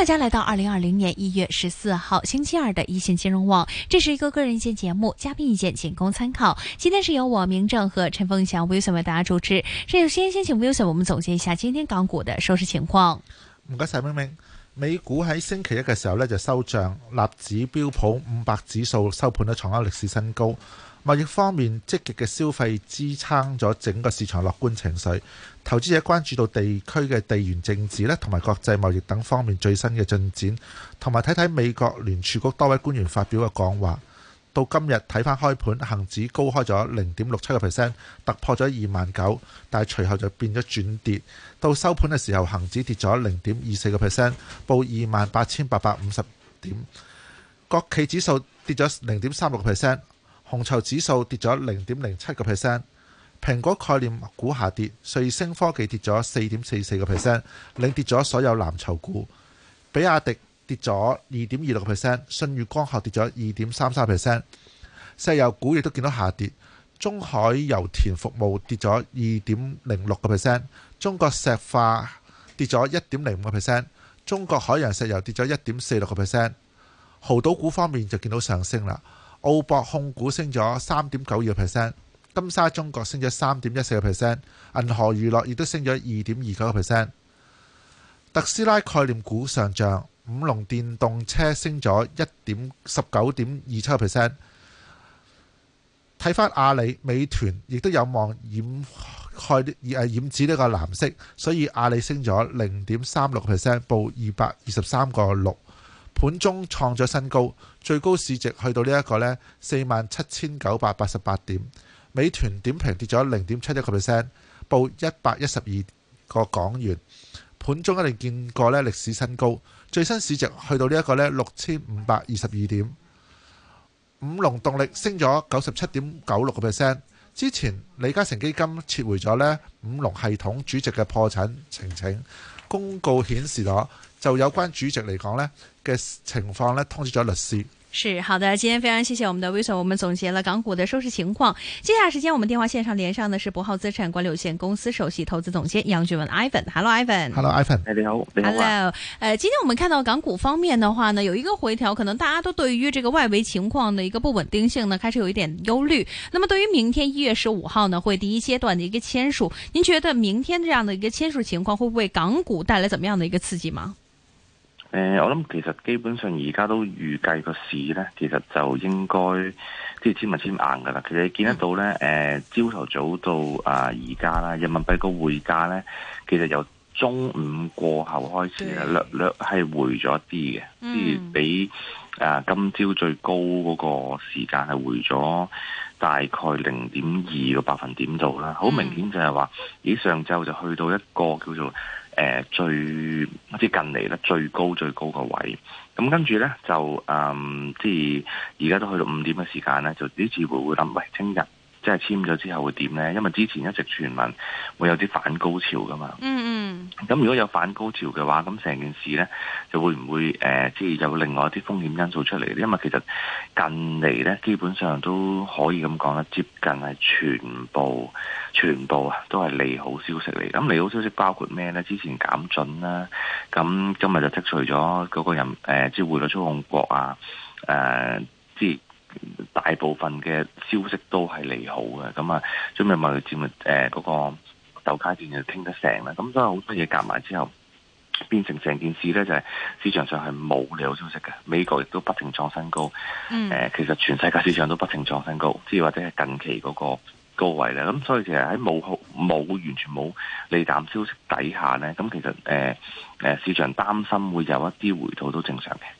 大家來到二零二零年一月十四號星期二的一線金融網，這是一個個人意見節目，嘉賓意見僅供參考。今天是由我明正和陳鳳翔 Wilson 為大家主持。首先，先請 Wilson 我們總結一下今天港股的收市情況。唔該晒，明明。美股喺星期一嘅時候呢就收漲，納指標普五百指數收盤都創下歷史新高。貿易方面，積極嘅消費支撐咗整個市場樂觀情緒。投資者關注到地區嘅地緣政治咧，同埋國際貿易等方面最新嘅進展，同埋睇睇美國聯儲局多位官員發表嘅講話。到今日睇返開盤，恒指高開咗零點六七個 percent，突破咗二萬九，但係隨後就變咗轉跌。到收盤嘅時候，恒指跌咗零點二四個 percent，報二萬八千八百五十點。國企指數跌咗零點三六個 percent。紅籌指數跌咗零點零七個 percent，蘋果概念股下跌，瑞聲科技跌咗四點四四個 percent，領跌咗所有藍籌股。比亞迪跌咗二點二六個 percent，舜宇光學跌咗二點三三 percent。石油股亦都見到下跌，中海油田服務跌咗二點零六個 percent，中國石化跌咗一點零五個 percent，中國海洋石油跌咗一點四六個 percent。濠賭股方面就見到上升啦。澳博控股升咗三點九二個 percent，金沙中國升咗三點一四個 percent，銀河娛樂亦都升咗二點二九個 percent。特斯拉概念股上漲，五龍電動車升咗一點十九點二七個 percent。睇返阿里、美團，亦都有望染開染指呢個藍色，所以阿里升咗零點三六個 percent，報二百二十三個六，盤中創咗新高。最高市值去到呢一個呢四萬七千九百八十八點，美團點評跌咗零點七一個 percent，報一百一十二個港元，盤中一定見過呢歷史新高，最新市值去到呢一個呢六千五百二十二點，五龍動力升咗九十七點九六個 percent，之前李嘉誠基金撤回咗呢五龍系統主席嘅破產呈請，公告顯示咗。就有關主席嚟講呢，嘅情況呢，通知咗律師。是好的，今天非常謝謝我們的 Wilson 我們總結了港股的收市情況。接下來時間，我們電話線上連上的是博浩資產管理有限公司首席投資總監楊俊文 （Ivan）。Hello，Ivan。Hello，Ivan、hey。大家好，你好、啊。Hello，呃，今天我們看到港股方面的話呢，有一個回調，可能大家都對於這個外圍情況的一個不穩定性呢，開始有一點憂慮。那麼對於明天一月十五號呢，會第一階段的一個簽署，您覺得明天這樣的一個簽署情況，會不會港股帶來怎麼樣的一個刺激嗎？誒、呃，我諗其實基本上而家都預計個市咧，其實就應該即係簽咪簽硬㗎啦。其實你見得到咧，誒、嗯，朝、呃、頭早到啊，而家啦，人民幣個匯價咧，其實由中午過後開始略略係回咗啲嘅，即、嗯、係比啊、呃、今朝最高嗰個時間係回咗大概零點二個百分點度啦。好、嗯、明顯就係話，已經上晝就去到一個叫做。誒最好似近嚟咧最高最高個位，咁跟住咧就嗯，即係而家都去到五點嘅時間咧，就呢次會會諗喂，聽日。即係簽咗之後會點呢？因為之前一直傳聞會有啲反高潮噶嘛。嗯嗯。咁如果有反高潮嘅話，咁成件事呢就會唔會誒，即、呃、係有另外一啲風險因素出嚟？因為其實近嚟呢，基本上都可以咁講啦，接近係全部、全部啊，都係利好消息嚟。咁利好消息包括咩呢？之前減準啦，咁今日就剔除咗嗰個人誒，即係匯率操控國啊，誒、呃，即係。大部分嘅消息都係利好嘅，咁啊，最近貿易戰目誒，嗰、那個鬥階段就傾得成咧，咁所以好多嘢夾埋之後，變成成件事咧就係市場上係冇利好消息嘅，美國亦都不停創新高，誒、嗯，其實全世界市場都不停創新高，即係或者係近期嗰個高位咧，咁所以其實喺冇冇完全冇利淡消息底下咧，咁其實誒誒、呃，市場擔心會有一啲回吐都正常嘅。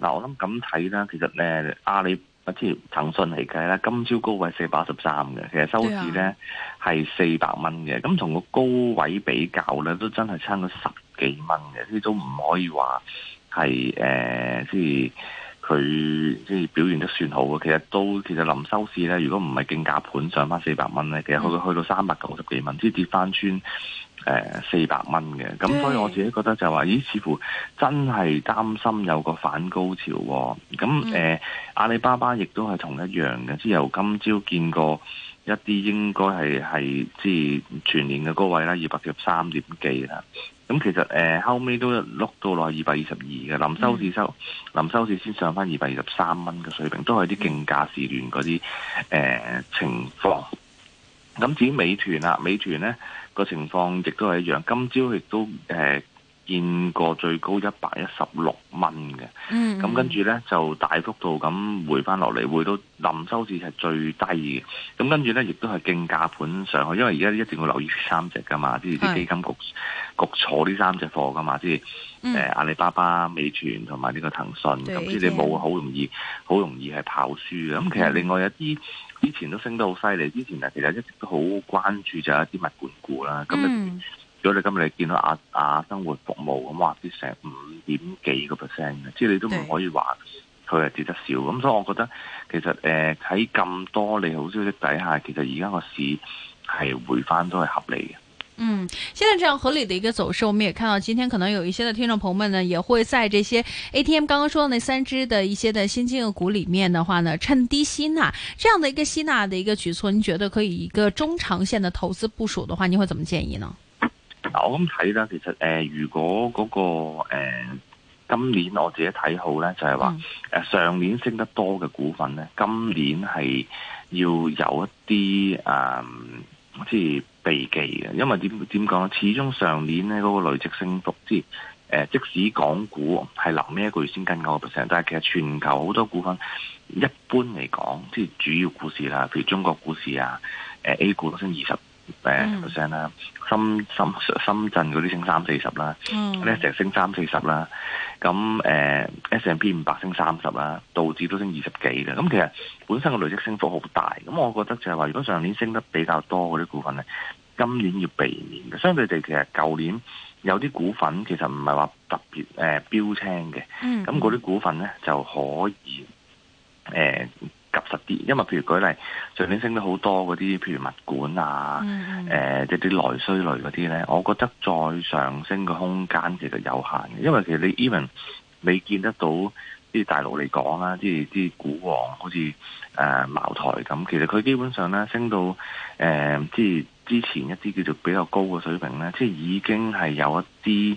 嗱、嗯，我諗咁睇啦，其實呢，阿里啊，即係騰訊嚟計咧，今朝高位四百一十三嘅，其實收市咧係四百蚊嘅，咁、yeah. 從個高位比較咧，都真係差咗十幾蚊嘅，呢啲都唔可以話係誒，即、呃、係。就是佢即係表現得算好嘅，其實都其實臨收市咧，如果唔係競價盤上翻四百蚊咧，其實佢去到三百九十幾蚊，即係跌翻穿誒四百蚊嘅。咁、呃 yeah. 所以我自己覺得就話，咦，似乎真係擔心有個反高潮喎、哦。咁誒，呃 mm. 阿里巴巴亦都係同一樣嘅，即係由今朝見過一啲應該係係即係全年嘅高位啦，二百七十三點幾啦。咁、嗯、其實誒、呃、後尾都碌到落二百二十二嘅，臨收市收，臨、嗯、收市先上翻二百二十三蚊嘅水平，都係啲競價市亂嗰啲誒情況。咁、嗯嗯、至於美團啊，美團呢個情況亦都係一樣，今朝亦都誒。呃見過最高一百一十六蚊嘅，咁跟住咧就大幅度咁回翻落嚟，回到臨收市係最低嘅。咁跟住咧，亦都係競價盤上去，因為而家一定要留意三隻噶嘛，嘛，即係啲基金局局坐呢三隻貨噶嘛，即係誒阿里巴巴、美團同埋呢個騰訊。咁即係你冇好容易，好容易係跑輸嘅。咁、嗯、其實另外有一啲、嗯，之前都升得好犀利。之前啊，其實一直都好關注就係一啲物管股啦。咁、嗯如果你今日你見到亞、啊、亞、啊、生活服務咁話啲成五點幾個 percent 嘅，即係你都唔可以話佢係跌得少咁，所以我覺得其實誒喺咁多利好消息底下，其實而家個市係回翻都係合理嘅。嗯，現在這樣合理嘅一個走勢，我們也看到今天可能有一些的聽眾朋友們呢，也會在這些 ATM 剛剛說的那三支的一些的新進股裡面的話呢，趁低吸納、啊，這樣的，一個吸納、啊、的一個舉措，您覺得可以一個中長線的投資部署的話，您會怎麼建議呢？嗱，我咁睇啦，其實誒，如果嗰個誒今年我自己睇好咧，就係話誒上年升得多嘅股份咧，今年係要有一啲誒即係避忌嘅，因為點點講，始終上年咧嗰個累積升幅，即係誒，即使港股係臨尾一個月先跟九個 percent，但係其實全球好多股份，一般嚟講，即係主要股市啦，譬如中國股市啊，誒，A 股都升二十，誒 percent 啦，深深深圳嗰啲升三四十啦，呢成升三四十啦，咁誒 S&P 五百升三十啦，道指都升二十幾嘅，咁其實本身個累積升幅好大，咁我覺得就係話，如果上年升得比較多嗰啲股份咧，今年要避免嘅。相對地，其實舊年有啲股份其實唔係話特別誒、呃、標青嘅，咁嗰啲股份咧就可以誒。呃及實啲，因為譬如舉例，上年升咗好多嗰啲，譬如物管啊，誒、mm-hmm. 呃，即啲內需類嗰啲咧，我覺得再上升嘅空間其實是有限嘅，因為其實你 even 你見得到啲大陸嚟講啦，即係啲股王好似誒茅台咁，其實佢基本上咧升到誒即。呃之前一啲叫做比較高嘅水平咧，即係已經係有一啲誒、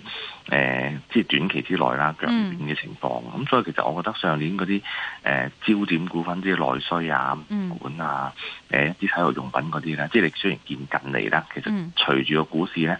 呃，即係短期之內啦腳軟嘅情況。咁、嗯、所以其實我覺得上年嗰啲誒焦點股份，啲內需啊、管啊、一、呃、啲體育用品嗰啲咧，即係你雖然見緊你啦，其實隨住個股市咧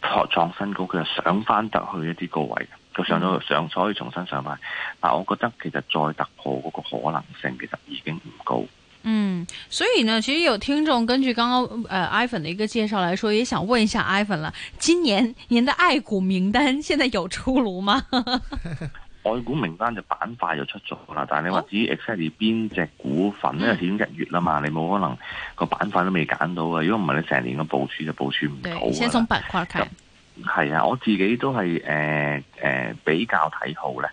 破創新高，佢又上翻得去一啲高位，佢上到上，所以重新上翻。但我覺得其實再突破嗰個可能性其實已經唔高。嗯，所以呢，其實有聽眾根據剛剛，誒、呃，Ivan 的一個介紹來說，也想問一下 Ivan 啦，今年您的愛股名單現在有出爐嗎？ 愛股名單就板塊就出咗啦，但係你話至於 exactly 邊隻股份咧，險、哦、一月啦嘛，你冇可能個板塊都未揀到嘅，如果唔係你成年嘅部署就部署唔到，先從板塊睇吓係啊，我自己都係誒誒比較睇好咧。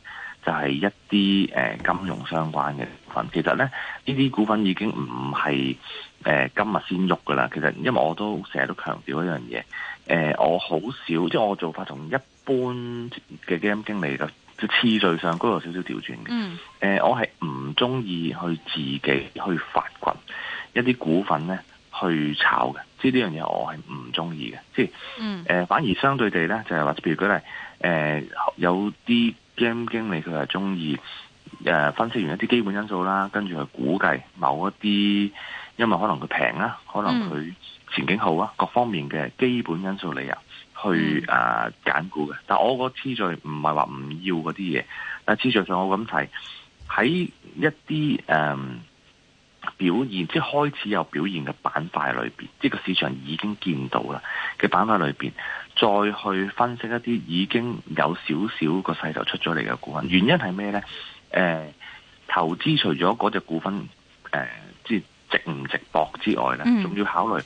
就係、是、一啲誒、呃、金融相關嘅股份，其實咧，呢啲股份已經唔係誒今日先喐噶啦。其實因為我都成日都強調一樣嘢，誒、呃、我好少即係我做法同一般嘅基金經理嘅、就是、次序上都有少少調轉嘅。誒、嗯呃，我係唔中意去自己去發掘一啲股份咧去炒嘅，即係呢樣嘢我係唔中意嘅。即係誒反而相對地咧就係、是、話，譬如佢咧誒有啲。基金經理佢係中意誒分析完一啲基本因素啦，跟住去估計某一啲，因為可能佢平啊，可能佢前景好啊，各方面嘅基本因素理由去誒揀股嘅。但係我個次序唔係話唔要嗰啲嘢，但係次序上我咁睇喺一啲誒、呃、表現，即係開始有表現嘅板塊裏邊，即係個市場已經見到啦嘅板塊裏邊，再去分析一啲已經有少少個勢頭出咗嚟嘅股份，原因係咩呢？誒、呃，投資除咗嗰隻股份誒，即、呃、值唔值博之外呢，仲、嗯、要考慮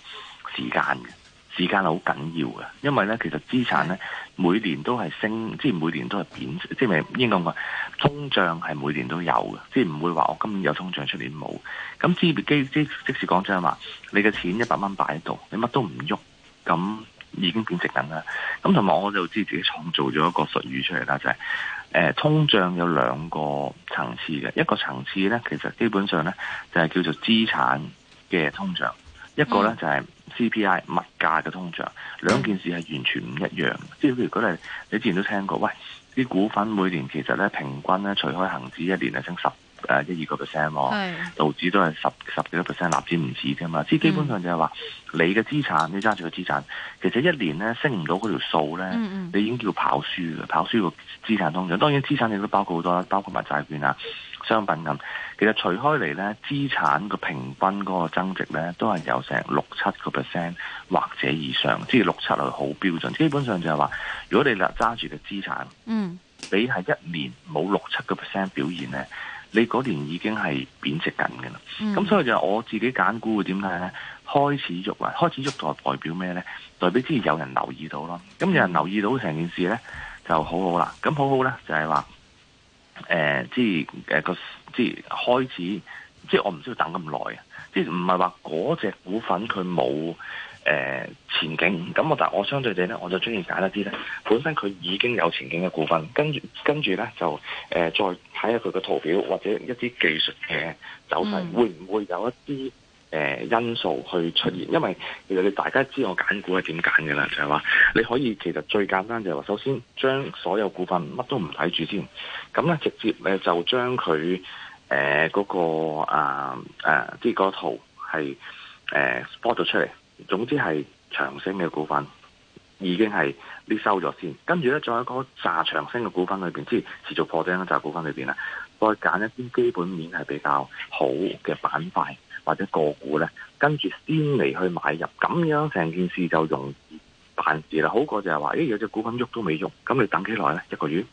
時間嘅，時間係好緊要嘅。因為呢其實資產呢每年都係升，即係每年都係貶，即係應該講通脹係每年都有嘅，即係唔會話我今年有通脹，出年冇。咁即即即時講真話，你嘅錢一百蚊擺喺度，你乜都唔喐，咁。已經貶值緊啦，咁同埋我就知自己創造咗一個術語出嚟啦，就係、是、誒、呃、通脹有兩個層次嘅，一個層次呢，其實基本上呢，就係、是、叫做資產嘅通脹，一個呢，就係、是、CPI 物價嘅通脹，兩件事係完全唔一樣。即、嗯、係如，如果你你之前都聽過，喂啲股份每年其實呢，平均呢，除開恒指一年係升十。誒一二個 percent 咯，道指都係十十幾多 percent，納指唔止啫嘛。即係基本上就係話、嗯，你嘅資產，你揸住嘅資產，其實一年咧升唔到嗰條數咧、嗯嗯，你已經叫跑輸嘅。跑輸個資產通脹，當然資產亦都包括好多啦，包括埋債券啊、商品咁。其實除開嚟咧，資產嘅平均嗰個增值咧，都係有成六七個 percent 或者以上，即係六七係好標準。基本上就係話，如果你啦揸住嘅資產，嗯，你係一年冇六七個 percent 表現咧。你嗰年已經係貶值緊嘅啦，咁、嗯、所以就我自己揀股會點解咧？開始喐啊，開始喐就代表咩咧？代表之前有人留意到囉。咁有人留意到成件事咧，就好好啦。咁好好咧就係、是、話，誒、呃，即係即係開始，即、就、係、是、我唔需要等咁耐啊！即係唔係話嗰隻股份佢冇。誒，前景，咁我但係我相對地咧，我就中意揀一啲咧，本身佢已經有前景嘅股份，跟住跟住咧就誒、呃、再睇下佢嘅圖表或者一啲技術嘅走勢、嗯，會唔會有一啲誒、呃、因素去出現？嗯、因為其實你大家知我揀股係點揀嘅啦，就係、是、話你可以其實最簡單就係話，首先將所有股份乜都唔睇住先，咁咧直接咧就將佢誒嗰個、呃、啊誒啲、嗰個圖係誒 plot 咗出嚟。總之係長升嘅股份已經係你收咗先，跟住咧再一個炸長升嘅股份裏邊，即係持續破頂嘅炸股份裏邊呢，再揀一啲基本面係比較好嘅板塊或者個股咧，跟住先嚟去買入，咁樣成件事就容易辦事啦。好過就係話，誒、欸、有隻股份喐都未喐，咁你等幾耐咧？一個月、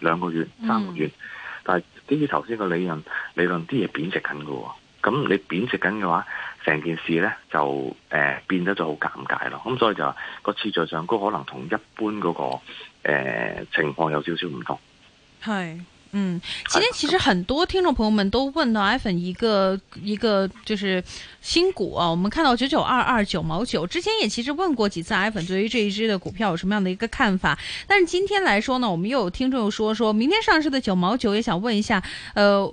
兩個月、三個月，嗯、但係點知頭先個理論理論啲嘢貶值緊喎。咁你貶值緊嘅話，成件事呢就誒、呃、變得就好尷尬咯。咁所以就個次序上高可能同一般嗰、那個、呃、情況有少少唔同。係，嗯，今天其實很多聽眾朋友們都問到 IPO 一個一個就是新股啊，我們看到九九二二九毛九，之前也其實問過幾次 IPO 對於這一支的股票有什麼樣的一個看法。但係今天來說呢，我們又有聽眾又說,說，明天上市的九毛九，也想問一下，呃。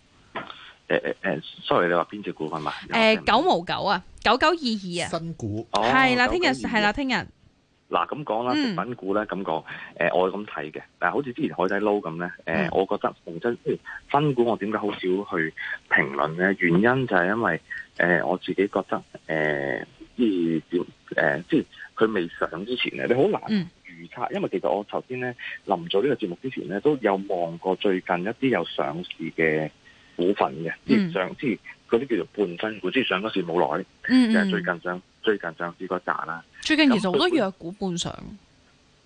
誒、uh, 誒、uh, sorry 你話邊隻股份嘛？誒、uh,，九毛九啊，九九二二啊，新股係、oh, 啦，聽日係啦，聽日嗱咁講啦，嗯、食品股咧咁講，誒、呃，我咁睇嘅，嗱，好似之前海底撈咁咧，誒、呃嗯，我覺得鴻準、嗯，新股我點解好少去評論咧？原因就係因為，誒、呃，我自己覺得，誒、呃呃呃呃，即係點，誒，即係佢未上之前咧，你好難預測、嗯，因為其實我頭先咧，臨做呢個節目之前咧，都有望過最近一啲有上市嘅。股份嘅，啲上啲嗰啲叫做半新股，即、嗯、係上嗰時冇耐，就、嗯、係、嗯啊、最近上，最近上市過賺啦。最近其實好多藥股半上，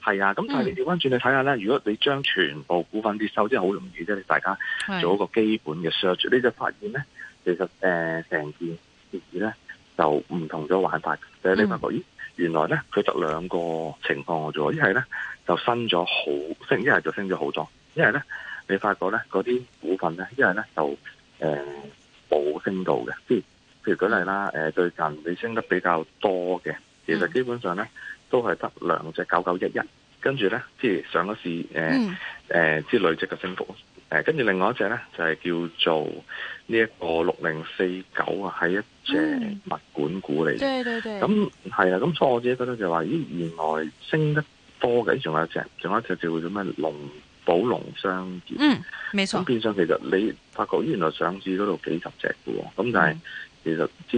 係啊，咁、嗯、但係你調翻轉去睇下咧，如果你將全部股份接收，真係好容易啫。你大家做一個基本嘅 search，你就發現咧，其實誒成、呃、件事咧就唔同咗玩法，就你發覺咦，原來咧佢就兩個情況嘅啫，一係咧就升咗好升，一係就升咗好多，一係咧。你發覺咧，嗰啲股份咧，因為咧就誒冇升到嘅，即、呃、係譬如舉例啦，誒、呃、最近你升得比較多嘅，其實基本上咧、嗯、都係得兩隻九九一一，9911，跟住咧即係上咗市，誒、呃、誒，即係累積嘅升幅，誒、呃、跟住另外一隻咧就係、是、叫做呢一個六零四九啊，係一隻物管股嚟嘅，對對對，咁係啊，咁所以我自己覺得就話，咦，原來升得多嘅仲有一隻，仲有一隻叫做咩龍？寶龍商業，嗯，未錯。咁變相其實你發覺原來上市嗰度幾十隻嘅，咁但係其實即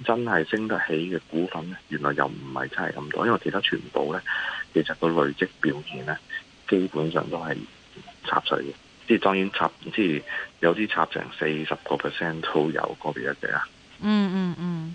係真係升得起嘅股份咧，原來又唔係真係咁多，因為其他全部咧，其實個累積表現咧，基本上都係插水嘅，即係當然插，即係有啲插成四十個 percent 都有嗰邊一隻啊。嗯嗯嗯。嗯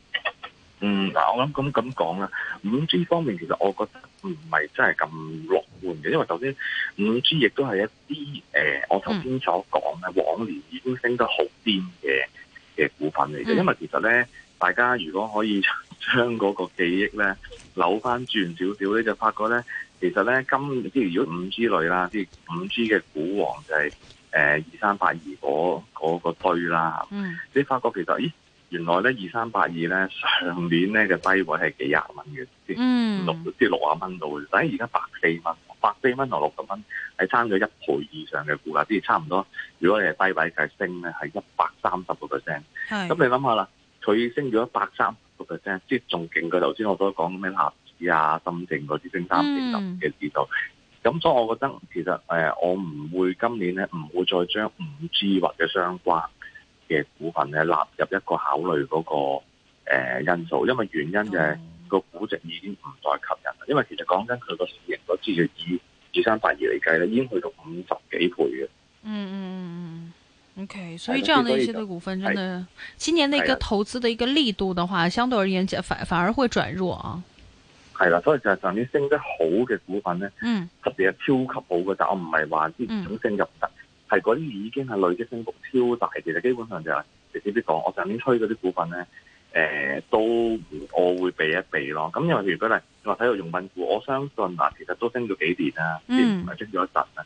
嗯，嗱，我諗咁咁講啦，五 G 方面其實我覺得唔係真係咁樂觀嘅，因為頭先五 G 亦都係一啲誒、呃，我頭先所講嘅、mm. 往年已經升得好癲嘅嘅股份嚟嘅，mm. 因為其實咧，大家如果可以將嗰個記憶咧扭翻轉少少咧，就發覺咧，其實咧今即係如果五 G 類啦，即係五 G 嘅股王就係誒二三八二嗰個堆啦，嗯、mm.，你發覺其實咦？原來咧二三八二咧上年咧嘅低位係幾廿蚊嘅先，六、mm. 即係六啊蚊到嘅，但係而家百四蚊，百四蚊同六十蚊係差咗一倍以上嘅股價，即係差唔多。如果你係低位，就係、是、升咧，係一百三十個 percent。咁，你諗下啦，佢升咗一百三十個 percent，即係仲勁過頭先我都講咩納指啊、深證嗰啲升三四十嘅指數。咁、mm. 所以我覺得其實誒、呃，我唔會今年咧唔會再將五 G 或者嘅相關。嘅股份咧，納入一個考慮嗰、那個誒、呃、因素，因為原因就係個估值已經唔再吸引啦。因為其實講緊，佢、嗯、個市盈率至少以二三百二嚟計咧，已經去到五十幾倍嘅。嗯嗯嗯嗯，OK。所以這樣的一啲的股份，真的今年呢一個投資的一個力度嘅話，相對而言反反而會轉弱啊。係啦，所以就係上年升得好嘅股份咧，嗯，係特別超級好嘅，但、嗯、我唔係話啲總升入、嗯係嗰啲已經係累積升幅超大，其實基本上就係、是，直接啲講，我上年推嗰啲股份咧，誒、呃、都會我會避一避咯。咁因為如果例話體育用品股，我相信嗱，其實都升咗幾年啦，嗯，係升咗一陣啦。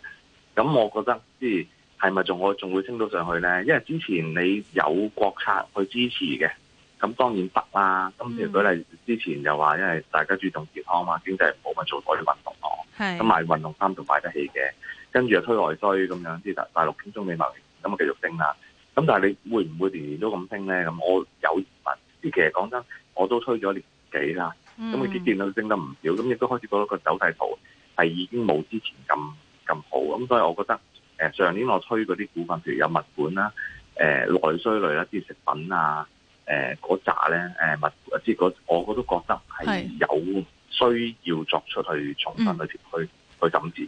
咁我覺得，即係係咪仲我仲會升到上去咧？因為之前你有國策去支持嘅，咁當然得啦。咁譬如舉例，之前就話，因為大家注重健康嘛，經濟唔好咪做多啲運動咯，咁買運動衫仲買得起嘅。跟住又推內需咁樣，即大大陸片中美嚟，咁啊繼續升啦。咁但係你會唔會年年都咁升咧？咁我有疑問。而其實講真，我都推咗年幾啦，咁佢啲見到升得唔少，咁亦都開始覺得個走勢圖係已經冇之前咁咁好。咁所以我覺得，呃、上年我推嗰啲股份，譬如有物管啦、誒、呃、內需類啦，啲食品啊、誒嗰扎咧、誒、呃、物，即係嗰我都覺得係有需要作出去重新去去去整治。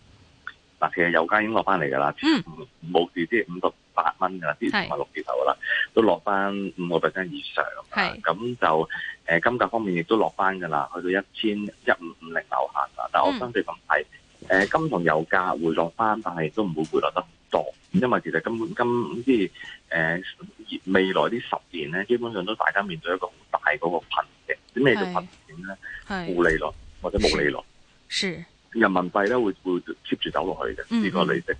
嗱，其實油價已經落翻嚟噶啦，冇、嗯、至啲五十八蚊噶啦，啲埋六字頭噶啦，都落翻五個 percent 以上。咁就誒、呃、金價方面亦都落翻噶啦，去到一千一五五零樓下啦。但係我相信咁睇，誒、嗯呃、金同油價回落翻，但係都唔會回落得多，因為其實根本今即係誒未來呢十年咧，基本上都大家面對一個好大嗰個貧嘅，啲咩叫貧點咧？係負利率或者冇利率？是。人民幣咧會會 keep 住走落去嘅，呢、嗯、美國利息誒，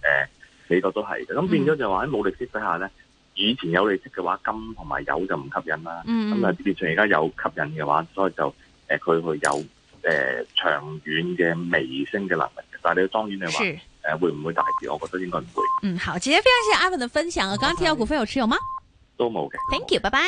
美國都係嘅。咁、嗯、變咗就話喺冇利息底下咧，以前有利息嘅話，金同埋油就唔吸引啦。咁啊變成而家有吸引嘅話，所以就誒佢、呃、會有誒、呃、長遠嘅微升嘅能力。但係你當然你話誒、呃、會唔會大跌，我覺得應該唔會。嗯，好，今日非常謝，謝阿文嘅分享。我剛剛提到股份有持有嗎？都冇嘅。Thank you，拜拜。